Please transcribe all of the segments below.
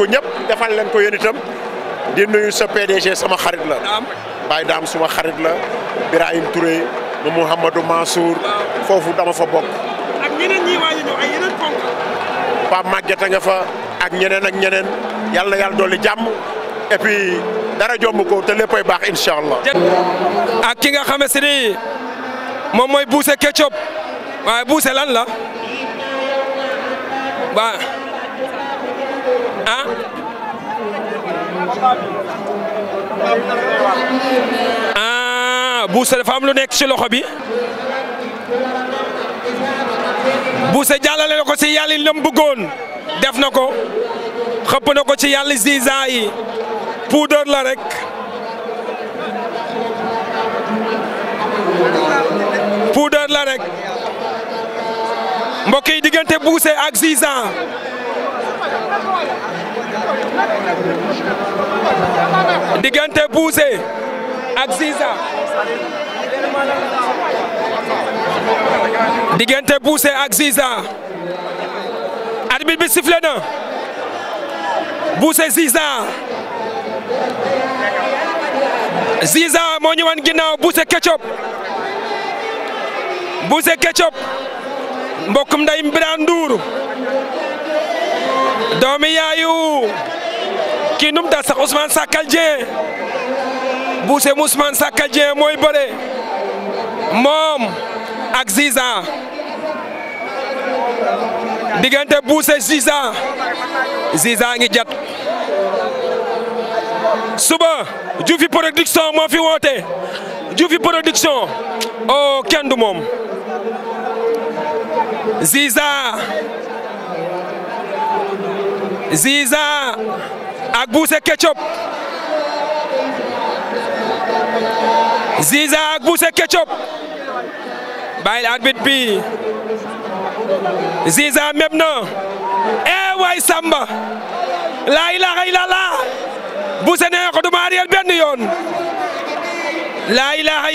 ko ñëpp defal leen ko yéen itam di nuyu sa PDG sama xarit la Baye Daam suma xarit la Birahim Touré mu Mouhamadou Mansour foofu dama fa bokk ak ñeneen ñi a nga fa ak ñeneen ak ñeneen yàlla na yàlla dolli jàmm et puis dara jomb ko te léppay baax incha allah. ak ki nga xamante ni moom mooy Bousse Ketchup waaye Bousse lan la ah Bousse am lu nekk ci loxo bi Bousse jàllale na ko ci yàlla li mu bëggoon def na ko xëpp na ko ci yàlla Ziza yi puudar la rek. puudar la rek mbokk yi diggante Bousse ak Ziza. diggante Boucher ak Ziza diggante Boucher ak Ziza arbitre bi sifflé na Boucher Ziza Ziza moo ñu wan ginnaaw Boucher Ketchup Boucher Ketchup mbokkum nday Birane Ndour doomi yaayu kii num da sax Ousmane Sakkal Dieng buuse mu Ousmane Sakkal Dieng mooy bëre moom ak Ziza diggante buuse Ziza Ziza ngi jat suba Juufi production moo fi woote Juufi production oh kenn du moom Ziza Ziza ak Bousse Ketchup Ziza ak Bousse Ketchup bàyyil arbitre bi eh way Samba laa ilaha illallah Bousse nee na du ma arrière benn yoon laa ilaha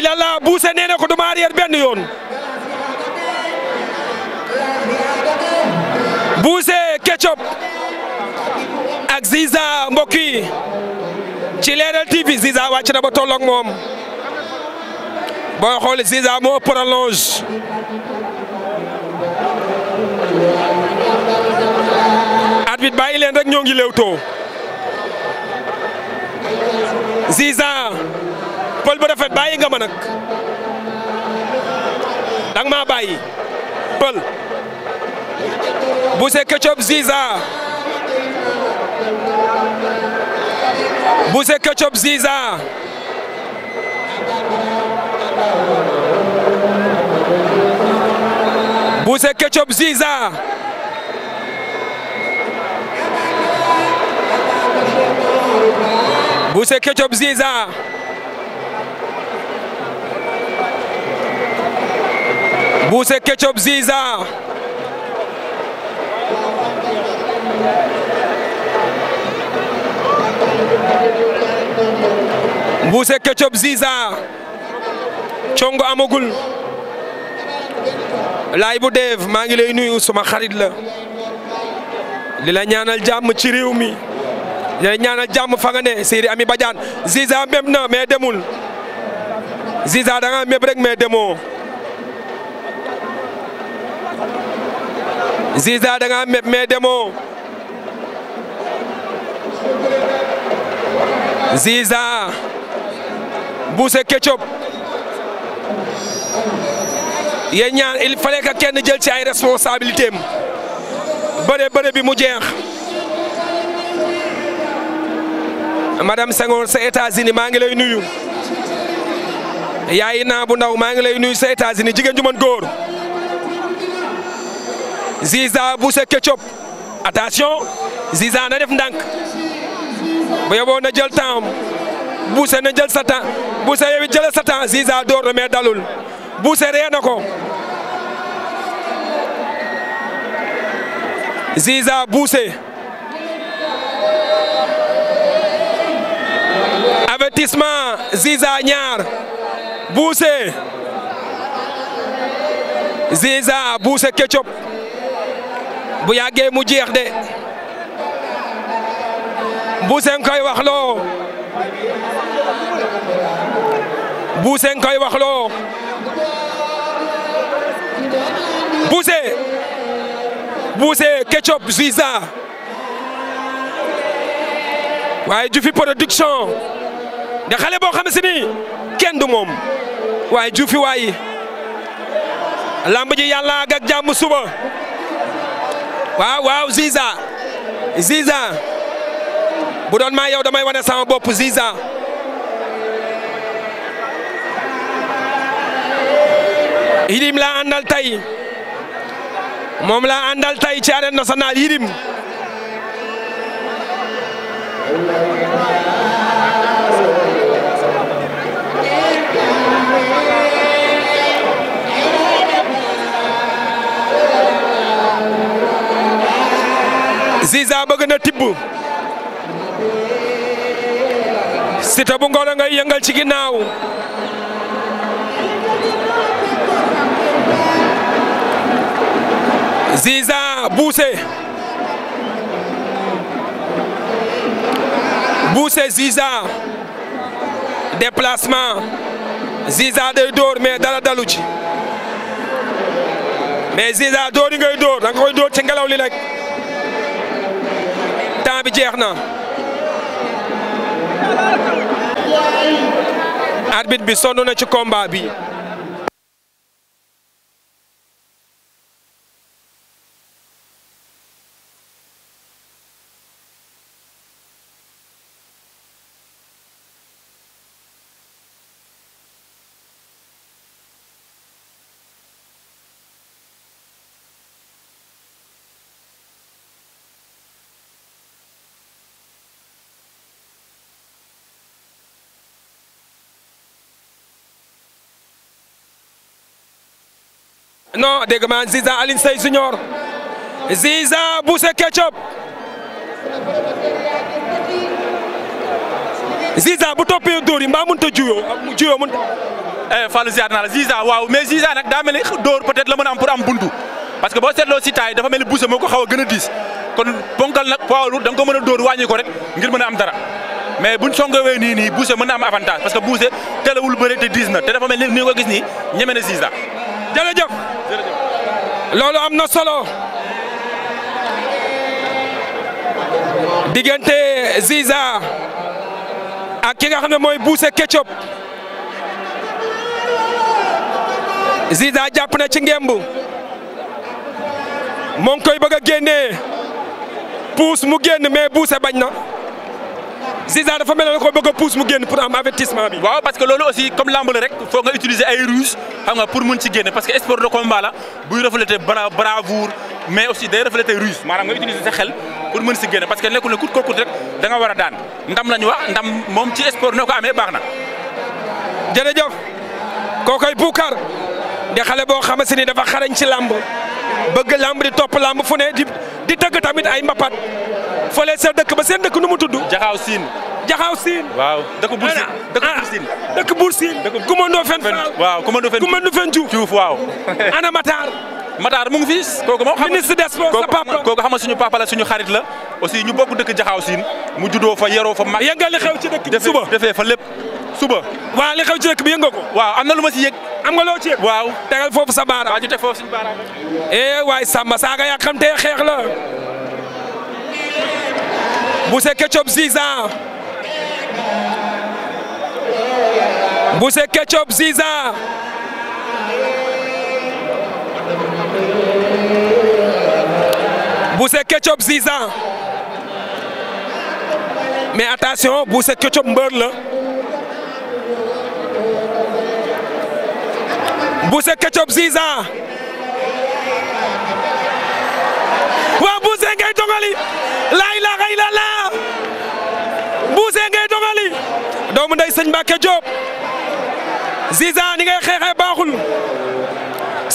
yoon Ziza mbokk yi ci Leral TV Ziza wàcc na ba tolloog moom booy xool Ziza moo prolonge arbitre bàyyi leen rek ñoo ngi léewtoo Ziza pël bu rafet bàyyi nga ma nag dang Buse Ketchup Ziza Buse Ketchup Ziza Buse Ketchup Ziza Mbuuse Ketchup Ziza congo amagul lay bu deef maa ngi lay nuyu suma xarit la li la ñaanal jàmm ci réew mi li la ñaanal jàmm fa nga ne Seydi Ami Badiane Ziza méb na mais demul Ziza da nga rek mais demoo Ziza da nga méb mais demoo Ziza Boucher Ketchup yéen ñaar il fallait que kenn jël ci ay responsabilité am bëre bëre bi mu jeex madame Senghor sa États-Unis maa ngi lay nuyu yaayi naa bu ndaw maa ngi lay nuyu sa États-Unis jigéen ju mën góor Ziza Boucher Ketchup attention Ziza na def ndànk bu yeboo na jël temps buuse na jël sa temps buuse yow it jëlee sa temps Ziza door na mais dalul buuse ree na ko Ziza buuse avertissement Ziza ñaar buuse Ziza buuse Ketchup bu yàggee mu jeex de. Buuse nga wax loo Buuse nga koy wax loo Buuse Buuse Ketchup Ziza waaye Jufi production de xale boo xam si ni kenn du moom waaye Jufi waayi lamb ji yàlla ak jàmm suba waaw waaw Ziza Ziza. bu doon maa yow damay wane sama bopp Ziza Yirim laa àndal tey moom laa àndal tey ci arène nationale Yirim Ziza bëgg na tibb Siteu bu ngay yëngal ci ginnaaw Ziza Buuse Buuse Ziza déplacement Ziza day dóor mais dara dalu ci mais Ziza dóor yi ngay door da koy door ci ngelaw li rek temps bi jeex na. arbitre bi sonn na ci combat bi non dégg ma Ziza Alioune Seye Junior Ziza Bousse Ketchup Ziza bu toppee dóor mbaa mënut a juyoo juyoo mënut a. Eh, Fallou ziar waaw mais Ziza nag daa mel ni dóor la mën am pour am buntu parce que boo seetloo si dafa mel ni moo ko xaw a gën a diis kon ponkal nag poids lourd ko mën a dóor wàññi ko rek ngir mën a am dara. mais buñ songawee nii nii Bousse mën am avantage parce que Bousse telewul bëre te diis na te dafa mel ni ni gis nii jërëjëf loolu am na solo diggante Ziza a ki nga xam ne mooy Boucher Ketchup Ziza jàpp na ci ngemb moo ngi koy bëgg a génnee puus mu génn mais Boucher bañ na. Ziza dafa mel ne ko bëgg a pousse mu génn pour am avertissement bi. waaw parce que loolu aussi comme lamb la rek foog utiliser ay ruse xam nga pour mun ci génn parce que sport de combat la buy refléter bra bravoure mais aussi day refléter ruse maanaam nga utiliser sa xel pour mën si génn parce que nekkul ne kut ko kut rek da nga a daan ndam la ñu ndam moom ci sport noo ko amee baax na. jërëjëf kookoy Boucar di xale boo xamante ni dafa xarañ ci lamb bëgg lamb di topp lamb fu di tëgg tamit ay mbapat fële sa dëkk ba seen dëkk nu mu tudd. Jaxaaw Siin. Jaxaaw Siin. waaw dëkk Buur Siin dëkk Buur Siin. dëkk Buur Siin. dëkk Kumando Fen. waaw Kumando Fen Kumando Fen Diouf. Diouf waaw. Ana Matar. Matar mu ngi fi moo xam ministre des sports sa papa xarit la aussi ñu bokk dëkk Jaxaaw Siin mu juddoo fa yeroo fa mag. yëngal li xew ci dëkk bi suba defee fa lépp suba. waaw li xew ci dëkk bi yëngoo ko. waaw am na lu ma si yëg. am nga loo ci yëg waaw tegal foofu sa baaraam waaw ñu teg foofu suñu baaraam eh waay Samba saa xeex la Boucher Ketchup Ziza Boucher Ketchup Ziza buse Ketchup Ziza mais attention Boucher Ketchup mbër la Boucher Ketchup Ziza waaw Boucher ngay dongali laa ilaaha illallaah Boucher ngay doomu ndey sëñ Mbacke Diop Ziza ni ngay xeexee baaxul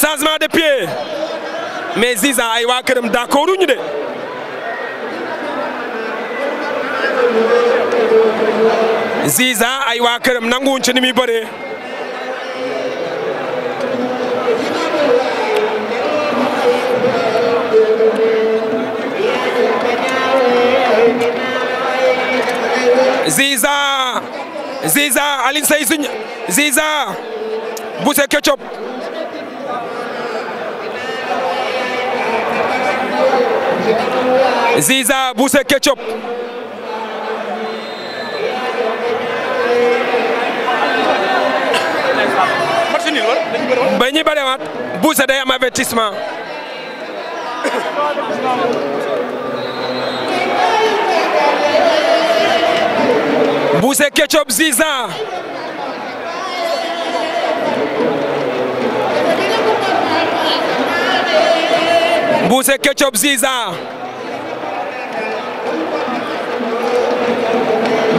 changement de pied mais Ziza ay waa këram d'accord ñu de Ziza ay waa këram nanguwuñ ci ni muy bëree Ziza Ziza Alioune Seye suñ Ziza Boucher Ketchup Ziza Boucher Ketchup ba ñuy bëriwaat Boucher day am avertissement poussé Ketchup Ziza poussé Ketchup Ziza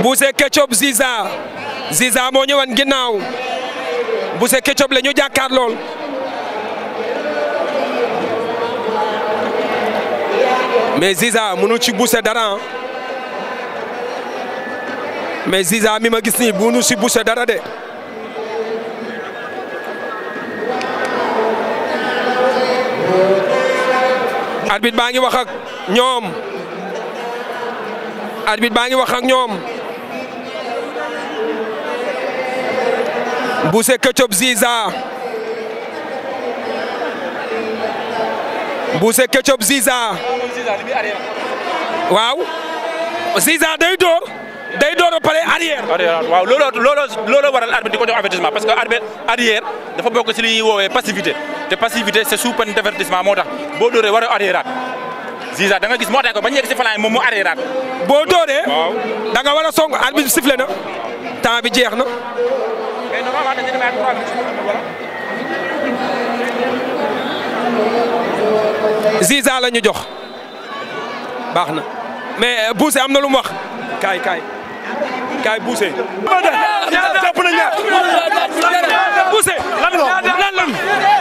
poussé Ketchup Ziza Ziza moo ñëwoon ginnaaw poussé Ketchup la ñu jàkkaar lool mais Ziza mënu ci poussé dara mais Ziza mi ma gis ni bu si bouché dara de. arbitre baa ngi wax ak ñoom arbitre baa ngi wax ak ñoom Boucher Ketchup Ziza Boucher waaw Ziza day door day door a pare arrière. arrière waaw looloo looloo looloo waral arbitre di ko jox avertissement parce que arbitre arrière dafa bokk ci li ñuy woowee passivité te passivité c'est sous peine d'avertissement moo tax boo dooree war arrière Ziza da nga gis moo tax ko ba ñu moom mu boo dooree. waaw da nga war a song arbitre bi sifflé na temps bi jeex na. mais normalement la ñu jox baax na mais Bousse am na lu mu wax. kaay kaay buuse. jàpp na ñaar buuse lan lan lan.